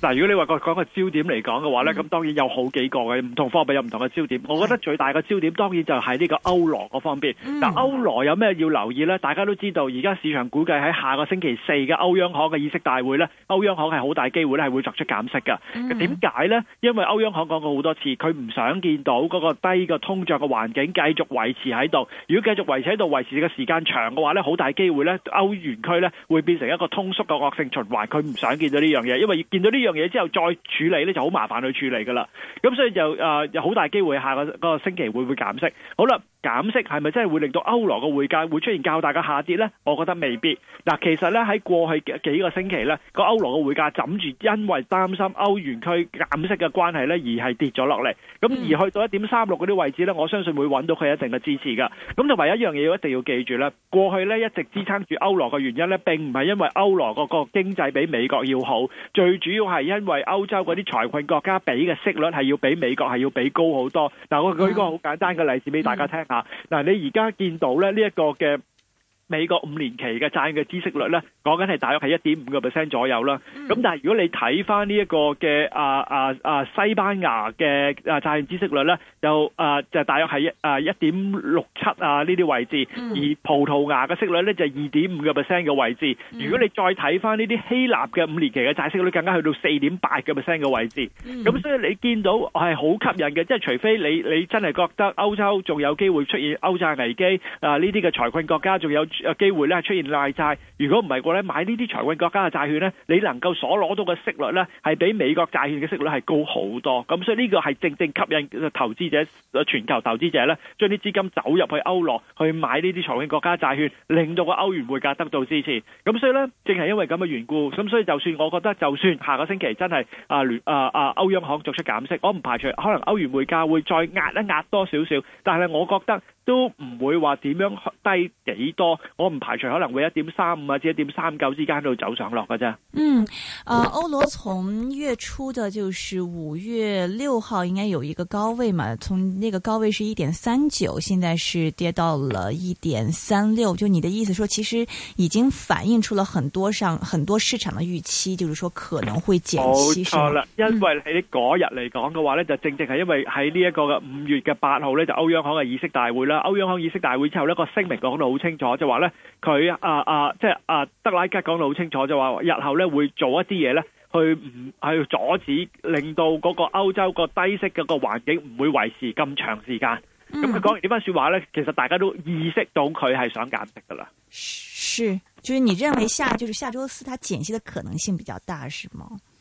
嗱，如果你話講個焦點嚟講嘅話咧，咁、嗯、當然有好幾個嘅，唔同貨幣有唔同嘅焦點，我覺得最大嘅焦點當然就係呢個歐羅嗰方邊。嗱、嗯，但歐羅有咩要留意咧？大家都知道，而家市場估計喺下個星期四嘅歐央行嘅議息大會咧，歐央行係好大機會咧，係會作出減息噶。咁點解咧？因為歐央行講過好多次，佢唔想見到嗰個低個通脹嘅環境繼續，續維持喺度。如果繼續維持喺度，維持嘅時間長嘅話咧，好大機會咧，歐元區咧會變成一個通縮嘅惡性循環。佢唔想見到呢樣嘢，因為見到呢樣。樣嘢之後再處理咧，就好麻煩去處理噶啦，咁所以就誒，有好大機會下個個星期會唔會減息，好啦。減息係咪真係會令到歐羅嘅匯價會出現較大嘅下跌呢？我覺得未必。嗱，其實咧喺過去幾個星期咧，個歐羅嘅匯價枕住因為擔心歐元區減息嘅關係咧，而係跌咗落嚟。咁而去到一點三六嗰啲位置咧，我相信會揾到佢一定嘅支持噶。咁就唯一一樣嘢，要一定要記住啦，過去咧一直支撐住歐羅嘅原因咧，並唔係因為歐羅嗰個經濟比美國要好，最主要係因為歐洲嗰啲財困國家俾嘅息率係要比美國係要俾高好多。嗱，我舉一個好簡單嘅例子俾大家聽。啊！嗱，你而家見到咧呢一個嘅。美國五年期嘅債嘅孳息率咧，講緊係大約係一點五個 percent 左右啦。咁、嗯、但係如果你睇翻呢一個嘅啊啊啊西班牙嘅啊債券孳息率咧，就啊就大約係一啊一點六七啊呢啲位置、嗯。而葡萄牙嘅息率咧就二點五個 percent 嘅位置。如果你再睇翻呢啲希臘嘅五年期嘅債息率，更加去到四點八個 percent 嘅位置。咁、嗯、所以你見到我係好吸引嘅，即係除非你你真係覺得歐洲仲有機會出現歐債危機啊，呢啲嘅財困國家仲有，有機會咧出現賴債，如果唔係嘅咧買呢啲財困國家嘅債券咧，你能夠所攞到嘅息率咧，係比美國債券嘅息率係高好多。咁所以呢個係正正吸引投資者、全球投資者咧，將啲資金走入去歐羅去買呢啲財困國家債券，令到個歐元匯價得到支持。咁所以咧，正係因為咁嘅緣故，咁所以就算我覺得，就算下個星期真係啊啊啊歐央行作出減息，我唔排除可能歐元匯價會再壓一壓多少少，但係我覺得。都唔會話點樣低幾多，我唔排除可能會一點三五啊，至一點三九之間喺度走上落嘅啫。嗯，誒、啊，歐羅從月初的，就是五月六號應該有一個高位嘛，從那個高位是一點三九，現在是跌到了一點三六。就你的意思說，其實已經反映出了很多上很多市場的預期，就是說可能會減息。冇錯啦，因為喺嗰日嚟講嘅話呢、嗯、就正正係因為喺呢一個嘅五月嘅八號呢，就歐央行嘅議息大會啦。歐央行議息大會之後呢、個聲明講到好清楚，就話呢，佢啊啊，即係啊、呃、德拉吉講到好清楚，就話日後呢會做一啲嘢呢，去唔去阻止，令到嗰個歐洲個低息嗰個環境唔會維持咁長時間。咁佢講完呢番説話呢，其實大家都意識到佢係想減息噶啦。是，就是你認為下，就是下周四，他減息的可能性比較大，是嗎？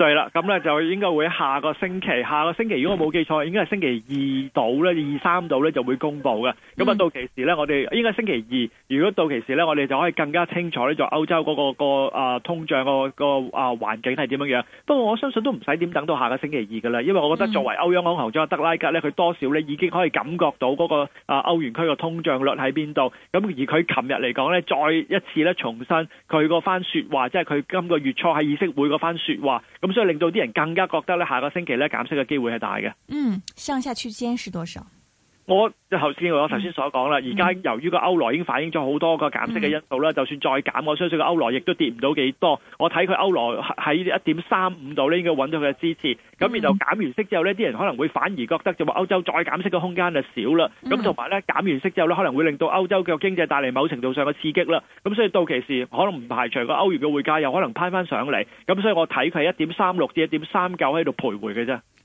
對啦，咁咧就應該會下個星期，下個星期如果我冇記錯，應該係星期二到咧，二三到咧就會公布嘅。咁、嗯、啊，到其時咧，我哋應該係星期二，如果到其時咧，我哋就可以更加清楚咧，就歐洲嗰個個啊通脹個個啊，啊環境係點樣樣。不過我相信都唔使點等到下個星期二噶啦，因為我覺得作為歐央行行長德拉吉咧，佢多少咧已經可以感覺到嗰、那個啊，啊歐元區嘅通脹率喺邊度。咁、嗯、而佢琴日嚟講咧，再一次咧重申佢個番說話，即係佢今個月初喺議息會嗰番說話咁。所以令到啲人更加覺得咧，下個星期咧減息嘅機會係大嘅。嗯，上下區間是多少？我即係頭先我頭先所講啦，而家由於個歐羅已經反映咗好多個減息嘅因素啦，就算再減，我相信個歐羅亦都跌唔到幾多。我睇佢歐羅喺一點三五度呢，應該揾到佢嘅支持。咁然後減完息之後呢，啲人可能會反而覺得就話歐洲再減息嘅空間就少啦。咁同埋呢，減完息之後呢，可能會令到歐洲嘅經濟帶嚟某程度上嘅刺激啦。咁所以到其時可能唔排除個歐元嘅匯價又可能攀返上嚟。咁所以我睇佢係一點三六至一點三九喺度徘徊嘅啫。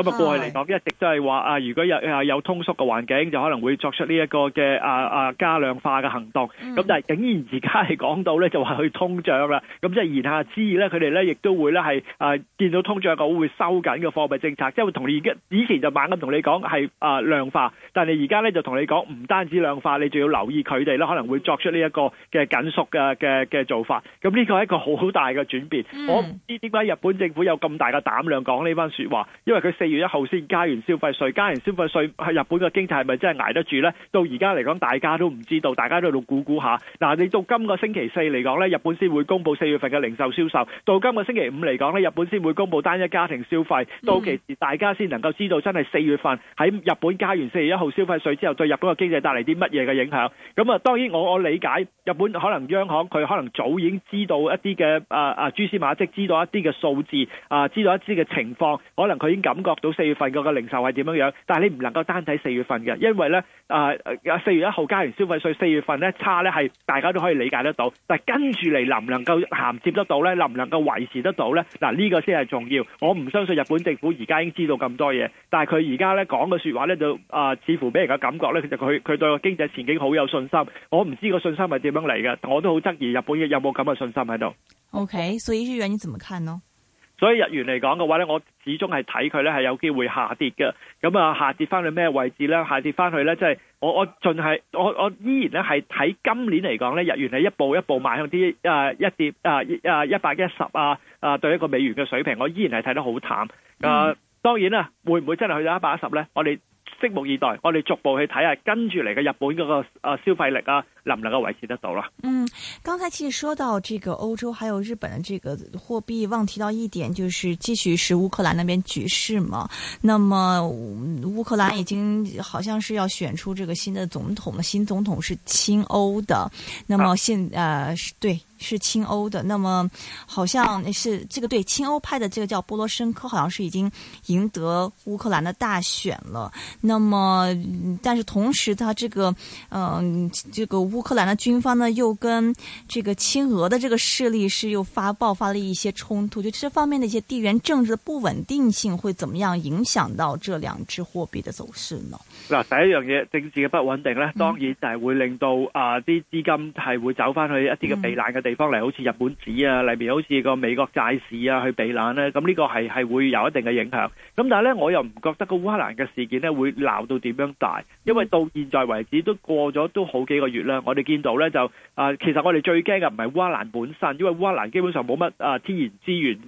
咁啊，過去嚟講一直都係話啊，如果有有通縮嘅環境，就可能會作出呢一個嘅啊啊加量化嘅行動。咁、嗯、但係竟然而家係講到咧，就話去通脹啦。咁即係言下之意咧，佢哋咧亦都會咧係啊見到通脹嘅會，會收緊嘅貨幣政策。即係同而家以前就猛咁同你講係啊量化，但係而家咧就同你講唔單止量化，你仲要留意佢哋咧可能會作出呢一個嘅緊縮嘅嘅嘅做法。咁呢個係一個好大嘅轉變。嗯、我唔知點解日本政府有咁大嘅膽量講呢番説話，因為佢四。月一號先加完消費稅，加完消費稅，喺日本嘅經濟係咪真係捱得住呢？到而家嚟講，大家都唔知道，大家都喺度估估下。嗱，你到今個星期四嚟講呢，日本先會公布四月份嘅零售銷售；到今個星期五嚟講呢，日本先會公布單一家庭消費。到其時，大家先能夠知道真係四月份喺日本加完四月一號消費稅之後，對日本嘅經濟帶嚟啲乜嘢嘅影響。咁啊，當然我我理解日本可能央行佢可能早已經知道一啲嘅啊啊蛛絲馬跡，知道一啲嘅數字啊，知道一啲嘅情況，可能佢已經感覺。落到四月份嗰個零售係點樣樣？但係你唔能夠單睇四月份嘅，因為咧啊四月一號加完消費稅，四月份咧差咧係大家都可以理解得到。但係跟住嚟能唔能夠銜接得到咧？能唔能夠維持得到咧？嗱呢個先係重要。我唔相信日本政府而家已經知道咁多嘢，但係佢而家咧講嘅説話咧就啊，似乎俾人嘅感覺咧，其實佢佢對個經濟前景好有信心。我唔知個信心係點樣嚟嘅，我都好質疑日本有冇咁嘅信心喺度。OK，所以日元，你點看呢？所以日元嚟講嘅話咧，我始終係睇佢咧係有機會下跌嘅。咁啊，下跌翻去咩位置咧？下跌翻去咧，即係我盡是我盡係我我依然咧係睇今年嚟講咧，日元係一步一步邁向啲啊一跌啊啊一百一十啊啊對一個美元嘅水平，我依然係睇得好淡、嗯。啊，當然啦，會唔會真係去到一百一十咧？我哋。拭目以待，我哋逐步去睇下跟住嚟嘅日本嗰個啊消費力啊，能唔能夠維持得到啦？嗯，剛才其實說到這個歐洲還有日本嘅這個貨幣，忘提到一點，就是繼續是烏克蘭那邊局勢嘛。那麼烏克蘭已經好像是要選出這個新的總統嘛，新總統是親歐的。那麼現啊是、呃、對。是親歐的，那麼好像是這個對親歐派的這個叫波羅申科，好像是已經贏得烏克蘭的大選了。那麼，但是同時，他這個，嗯、呃，這個烏克蘭的軍方呢，又跟這個親俄的這個勢力是又發爆發了一些衝突。就這方面的一些地緣政治的不穩定性，會怎麼樣影響到這兩支貨幣的走勢呢？啊，第一樣嘢，政治嘅不穩定呢，當然就係會令到、嗯、啊啲資金係會走翻去一啲嘅避難嘅地。地方嚟，好似日本紙啊，例如好似個美國債市啊，去避難咧，咁呢個係係會有一定嘅影響。咁但係咧，我又唔覺得個烏克蘭嘅事件咧會鬧到點樣大，因為到現在為止都過咗都好幾個月啦。我哋見到咧就啊，其實我哋最驚嘅唔係烏克蘭本身，因為烏克蘭基本上冇乜啊天然資源，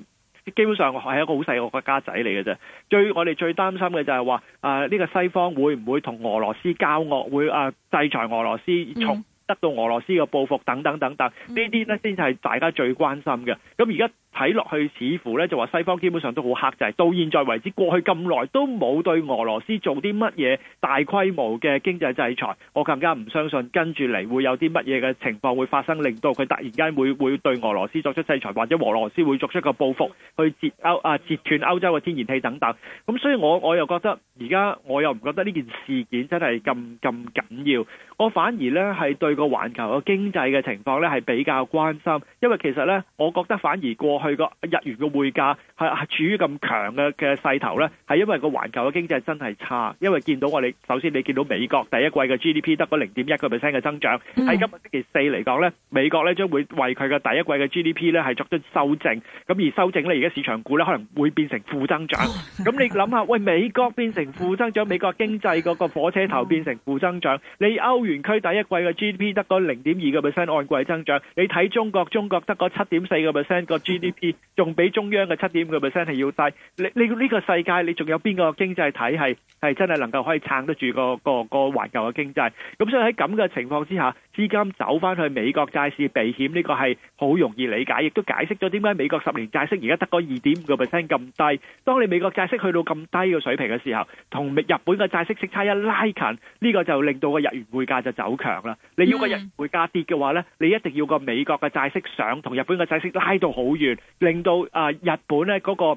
基本上係一個好細個國家仔嚟嘅啫。最我哋最擔心嘅就係話啊，呢個西方會唔會同俄羅斯交惡，會啊制裁俄羅斯從？嗯得到俄羅斯嘅報復等等等等，呢啲咧先係大家最關心嘅。咁而家。睇落去似乎咧就話西方基本上都好克制，到現在為止，過去咁耐都冇對俄羅斯做啲乜嘢大規模嘅經濟制裁。我更加唔相信跟住嚟會有啲乜嘢嘅情況會發生，令到佢突然間會會對俄羅斯作出制裁，或者俄羅斯會作出個報復去截歐啊截斷歐洲嘅天然氣等等。咁所以我我又覺得而家我又唔覺得呢件事件真係咁咁緊要。我反而咧係對個環球嘅經濟嘅情況咧係比較關心，因為其實咧我覺得反而過。佢個日元嘅匯價係係處於咁強嘅嘅勢頭咧，係因為個環球嘅經濟真係差，因為見到我哋首先你見到美國第一季嘅 GDP 得嗰零點一個 percent 嘅增長，喺今個星期四嚟講咧，美國咧將會為佢嘅第一季嘅 GDP 咧係作出修正，咁而修正咧而家市場股咧可能會變成負增長，咁你諗下喂美國變成負增長，美國經濟嗰個火車頭變成負增長，你歐元區第一季嘅 GDP 得嗰零點二個 percent 按季增長，你睇中國中國得嗰七點四個 percent 個 GDP。仲比中央嘅七點五個 percent 係要低，你呢個呢個世界你仲有邊個經濟體系係真係能夠可以撐得住個個個環球嘅經濟？咁所以喺咁嘅情況之下，資金走返去美國債市避險呢個係好容易理解，亦都解釋咗點解美國十年債息而家得個二點五個 percent 咁低。當你美國債息去到咁低嘅水平嘅時候，同日本嘅債息息差一拉近，呢個就令到個日元匯價就走強啦。你要個日元匯價跌嘅話呢，你一定要個美國嘅債息上同日本嘅債息拉到好遠。令到啊日本咧嗰、嗰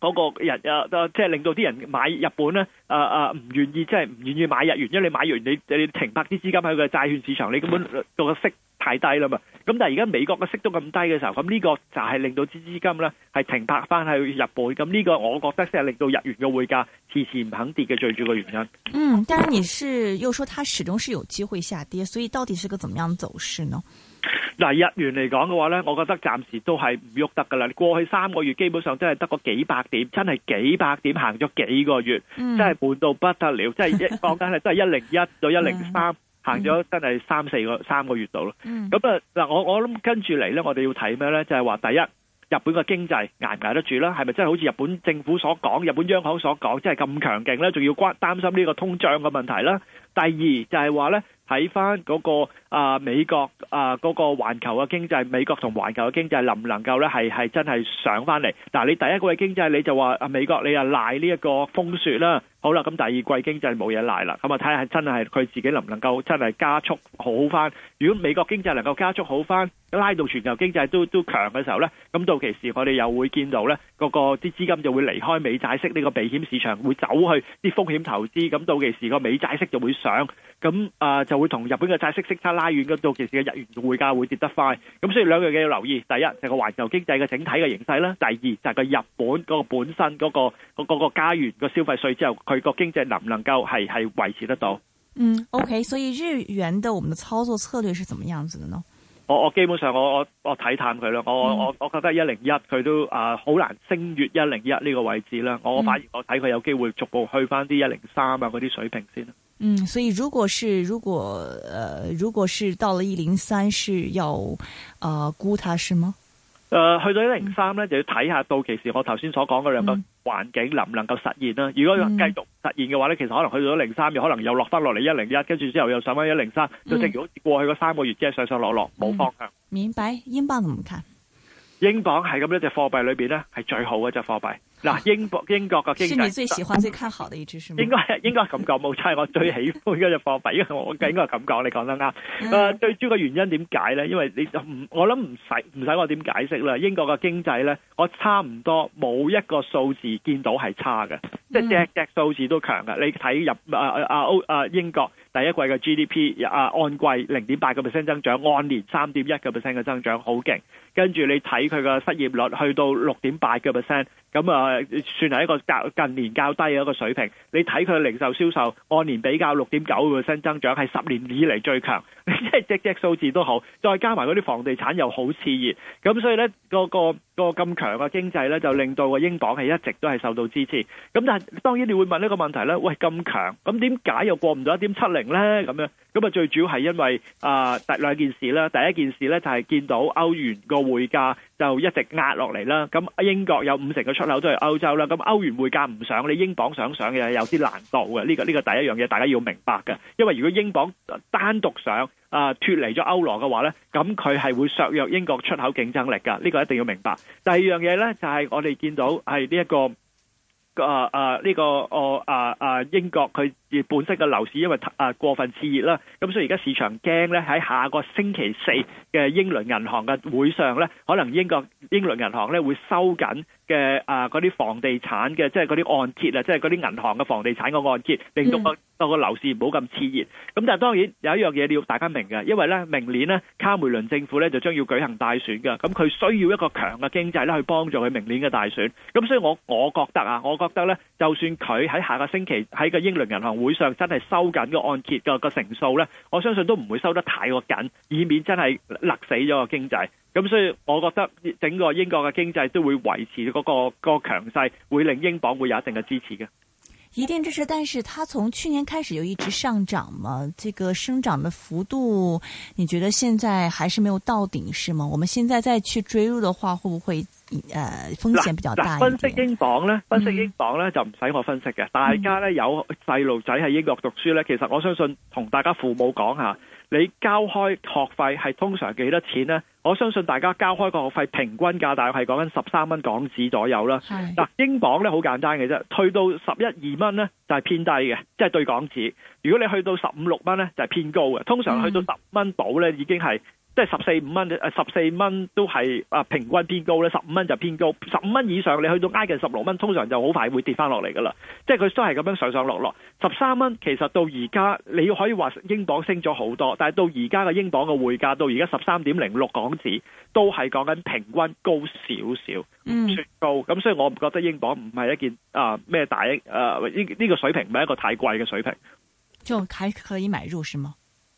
個、嗰個人啊即係、就是、令到啲人買日本咧啊啊唔願意，即係唔願意買日元，因為你買完你你停泊啲資金喺個債券市場，你根本個息太低啦嘛。咁但係而家美國嘅息都咁低嘅時候，咁呢個就係令到啲資金咧係停泊翻喺日本咁，呢個，我覺得即係令到日元嘅匯價遲遲唔肯跌嘅最主要嘅原因。嗯，但是你是又說，它始終是有機會下跌，所以到底是個怎麼樣走勢呢？嗱，日元嚟講嘅話咧，我覺得暫時都係唔喐得噶啦。過去三個月基本上都係得個幾百點，真係幾百點行咗幾個月，嗯、真係悶到不得了。即係一講緊係都係一零一到一零三，行咗真係三四個三個月度咯。咁、嗯、啊，嗱，我我諗跟住嚟咧，我哋要睇咩咧？就係、是、話第一，日本嘅經濟挨唔挨得住啦？係咪真係好似日本政府所講、日本央行所講，真係咁強勁咧？仲要關擔心呢個通脹嘅問題啦。第二就係話咧，睇返嗰個。啊！美國啊，嗰個環球嘅經濟，美國同環球嘅經濟能唔能夠咧？係係真係上翻嚟？但係，你第一季經濟你就話啊，美國你又賴呢一個風雪啦。好啦，咁第二季經濟冇嘢賴啦。咁啊，睇下真係佢自己能唔能夠真係加速好翻？如果美國經濟能夠加速好翻，拉到全球經濟都都強嘅時候咧，咁到其時我哋又會見到咧，嗰個啲資金就會離開美債息呢個避險市場，會走去啲風險投資。咁到其時個美債息就會上，咁啊就會同日本嘅債息息差啦。家遠嘅，尤其是嘅日元匯價會跌得快，咁所以兩樣嘢要留意。第一就係、是、個環球經濟嘅整體嘅形勢啦，第二就係、是、個日本嗰個本身嗰個嗰嗰個家園個消費稅之後，佢個經濟能唔能夠係係維持得到？嗯，OK，所以日元的，我們嘅操作策略是怎麼樣子嘅呢？我我基本上我我我睇淡佢啦，我我我，我，我覺得一零一佢都啊好、呃、難升越一零一呢個位置啦，我反而我睇佢有機會逐步去返啲一零三啊嗰啲水平先嗯，所以如果是如果，誒、呃，如果是到了一零三，是要，啊、呃，估它是嗎？誒、呃，去到一零三咧，就要睇下到期時我頭先所講嘅兩個環境能唔能夠實現啦、啊嗯。如果有繼續實現嘅話咧，其實可能去到一零三，又可能又落翻落嚟一零一，跟住之後又上翻一零三。就正如好似過去嗰三個月，即係上上落落，冇方向、嗯。明白。英鎊點睇？英鎊係咁一隻貨幣裏邊咧，係最好嘅一隻貨幣。嗱，英國英國嘅經濟，是你最喜歡最看好的一支是嗎？應該應該咁講，冇錯，我最喜歡嗰隻貨幣，我應該咁講，你講得啱。誒、嗯，最主要嘅原因點解咧？因為你唔，我諗唔使唔使我點解釋啦。英國嘅經濟咧，我差唔多冇一個數字見到係差嘅、嗯，即係隻隻數字都強嘅。你睇入、啊啊、英國第一季嘅 GDP，啊按季零點八個 percent 增長，按年三點一個 percent 嘅增長，好勁。跟住你睇佢嘅失業率去到六點八嘅 percent，咁啊算係一個較近年較低嘅一個水平。你睇佢零售銷售按年比較六點九嘅新增長，係十年以嚟最強。即係只隻數字都好，再加埋嗰啲房地產又好熾熱，咁所以咧個個個咁強嘅經濟咧，就令到個英鎊係一直都係受到支持。咁但係當然你會問呢個問題啦，喂咁強，咁點解又過唔到一點七零咧？咁樣咁啊，最主要係因為啊兩件事啦。第一件事咧就係見到歐元個。匯價就一直壓落嚟啦，咁英國有五成嘅出口都係歐洲啦，咁歐元匯價唔上，你英鎊想上嘅有啲難度嘅，呢、這個呢、這個第一樣嘢大家要明白㗎，因為如果英鎊單獨上啊脫離咗歐羅嘅話呢，咁佢係會削弱英國出口競爭力噶，呢、這個一定要明白。第二樣嘢呢，就係、是、我哋見到係呢一個啊啊呢、這個哦啊啊，啊英國佢。本身嘅樓市因為啊過分熾熱啦，咁所以而家市場驚咧喺下個星期四嘅英倫銀行嘅會上咧，可能英國英倫銀行咧會收緊嘅啊嗰啲房地產嘅即係嗰啲按揭啊，即係嗰啲銀行嘅房地產嘅按揭，令到個個樓市唔好咁熾熱。咁但係當然有一樣嘢你要大家明㗎，因為咧明年呢，卡梅倫政府咧就將要舉行大選㗎，咁佢需要一個強嘅經濟咧去幫助佢明年嘅大選。咁所以我我覺得啊，我覺得咧，就算佢喺下個星期喺個英倫銀行。會上真係收緊、那個按揭個個成數呢？我相信都唔會收得太過緊，以免真係勒死咗個經濟。咁所以我覺得整個英國嘅經濟都會維持嗰、那個、那個強勢，會令英鎊會有一定嘅支持嘅。一定支持，但是佢從去年開始就一直上漲嘛，這個生長的幅度，你覺得現在還是沒有到頂，是嗎？我們現在再去追入的話，會不會？誒，風險比較大嘅。嗱，分析英鎊咧，分析英鎊咧、嗯、就唔使我分析嘅。大家咧有細路仔喺英國讀書咧、嗯，其實我相信同大家父母講下，你交開學費係通常幾多錢咧？我相信大家交開個學費平均價大約係講緊十三蚊港紙左右啦。嗱，英鎊咧好簡單嘅啫，去到十一二蚊咧就係偏低嘅，即係對港紙。如果你去到十五六蚊咧就係偏高嘅，通常去到十蚊到咧已經係。即係十四五蚊，誒，十四蚊都係啊平均偏高咧，十五蚊就偏高，十五蚊以上你去到挨近十六蚊，通常就好快會跌翻落嚟噶啦即係佢都係咁樣上上落落。十三蚊其實到而家你可以話英鎊升咗好多，但係到而家嘅英鎊嘅匯價到而家十三點零六港紙，都係講緊平均高少少，唔算高。咁、嗯、所以我唔覺得英鎊唔係一件啊咩、呃、大益誒，呢呢個水平唔係一個太貴嘅水平，仲可以買入是嗎？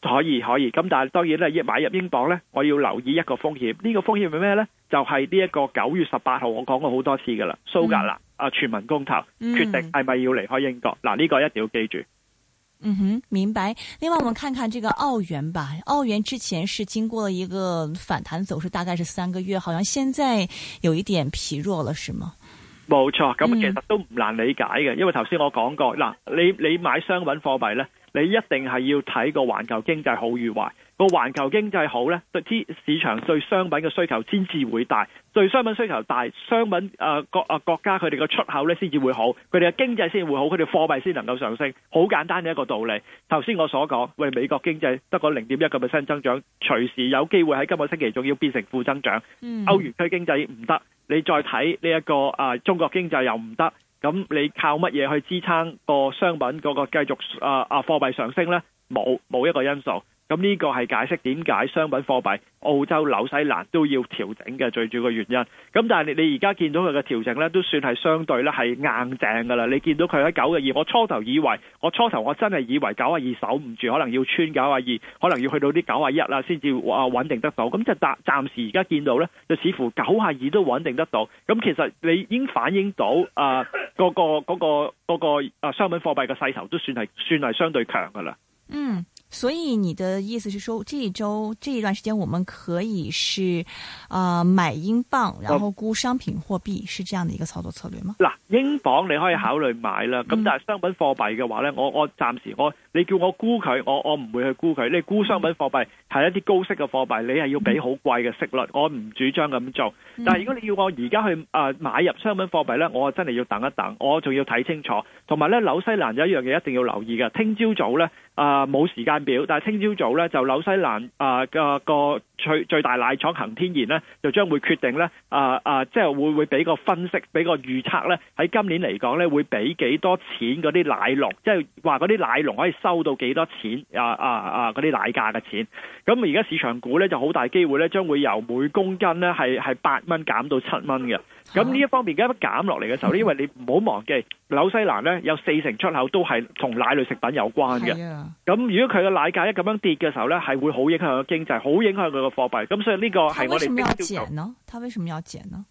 可以可以，咁但係當然咧，要買入英鎊咧，我要留意一個風險。呢、這個風險係咩咧？就係呢一個九月十八號，我講過好多次噶啦，蘇格蘭、嗯、啊全民公投決定係咪要離開英國嗱，呢、嗯這個一定要記住。嗯哼，明白。另外，我們看看這個澳元吧。澳元之前是經過了一個反彈走勢，大概是三個月，好像現在有一點疲弱了，是嗎？冇、嗯、錯，咁其實都唔難理解嘅，因為頭先我講過嗱，你你買商品貨幣咧。你一定係要睇個環球經濟好與壞。個環球經濟好呢，對啲市場對商品嘅需求先至會大。對商品需求大，商品誒國啊國家佢哋嘅出口呢先至會好，佢哋嘅經濟先會好，佢哋貨幣先能夠上升。好簡單嘅一個道理。頭先我所講，喂美國經濟得個零點一個 percent 增長，隨時有機會喺今個星期仲要變成負增長。歐元區經濟唔得，你再睇呢一個啊、呃、中國經濟又唔得。咁你靠乜嘢去支撐個商品嗰個繼續啊啊貨幣上升咧？冇冇一個因素。咁呢個係解釋點解商品貨幣澳洲紐西蘭都要調整嘅最主要嘅原因。咁但係你你而家見到佢嘅調整咧，都算係相對咧係硬淨噶啦。你見到佢喺九個二，我初頭以為，我初頭我真係以為九啊二守唔住，可能要穿九啊二，可能要去到啲九啊一啦，先至啊穩定得到。咁就係暫時而家見到咧，就似乎九個二都穩定得到。咁其實你已經反映到啊、嗰個、嗰個嗰、嗰個嗰、嗰個啊商品貨幣嘅勢頭都算係算係相對強噶啦。嗯。所以你的意思是說，這一周這一段時間我們可以是，啊、呃、買英鎊，然後沽商品貨幣，是這樣的一個操作策略嗎？嗱、啊，英鎊你可以考慮買啦，咁但係商品貨幣嘅話咧、嗯，我我暫時我，你叫我沽佢，我我唔會去沽佢。你沽商品貨幣係、嗯、一啲高息嘅貨幣，你係要俾好貴嘅息率，嗯、我唔主張咁做。但係如果你要我而家去啊、呃、買入商品貨幣咧，我真係要等一等，我仲要睇清楚。同埋咧紐西蘭有一樣嘢一定要留意嘅，聽朝早咧啊冇時間。表，但係聽朝早咧就紐西蘭啊個最、啊、最大奶廠恆天然咧，就將會決定咧啊啊，即、啊、係、就是、會會俾個分析，俾個預測咧，喺今年嚟講咧會俾幾多錢嗰啲奶農，即係話嗰啲奶農可以收到幾多錢啊啊啊嗰啲奶價嘅錢。咁而家市場股咧就好大機會咧，將會由每公斤咧係係八蚊減到七蚊嘅。咁呢一方面而家一減落嚟嘅時候，呢因為你唔好忘記。紐西蘭咧有四成出口都係同奶類食品有關嘅，咁如果佢嘅奶價一咁樣跌嘅時候咧，係會好影響佢個經濟，好影響佢個貨幣，咁所以呢個係我哋必須要他為什麼要減呢？他為什麼要減呢？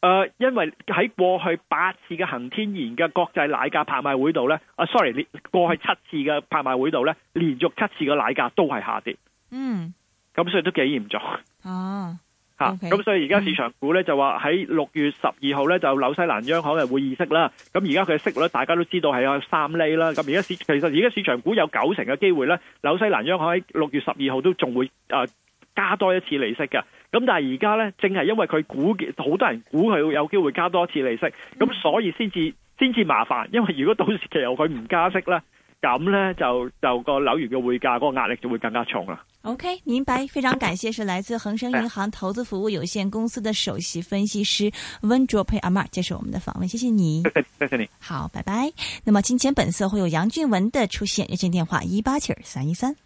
誒、呃，因為喺過去八次嘅恒天然嘅國際奶價拍賣會度咧，啊，sorry，過去七次嘅拍賣會度咧，連續七次嘅奶價都係下跌，嗯，咁所以都幾嚴重啊。吓、okay。啊，咁所以而家市場股咧就話喺六月十二號咧就紐西蘭央行係會議息啦。咁而家佢嘅息率大家都知道係有三厘啦。咁而家市其實而家市場股有九成嘅機會咧，紐西蘭央行喺六月十二號都仲會誒、呃、加多一次利息嘅。咁但係而家咧正係因為佢估好多人估佢會有機會加多一次利息，咁所以先至先至麻煩。因為如果到時其實佢唔加息咧。咁咧就就個樓源嘅匯價嗰個壓力就會更加重啦。OK 明白，非常感謝，是來自恒生銀行投資服務有限公司的首席分析師溫灼培阿媽接受我們的訪問，謝謝你，謝謝你好，拜拜。那麼金錢本色會有楊俊文的出現，熱線電話一八七二三一三。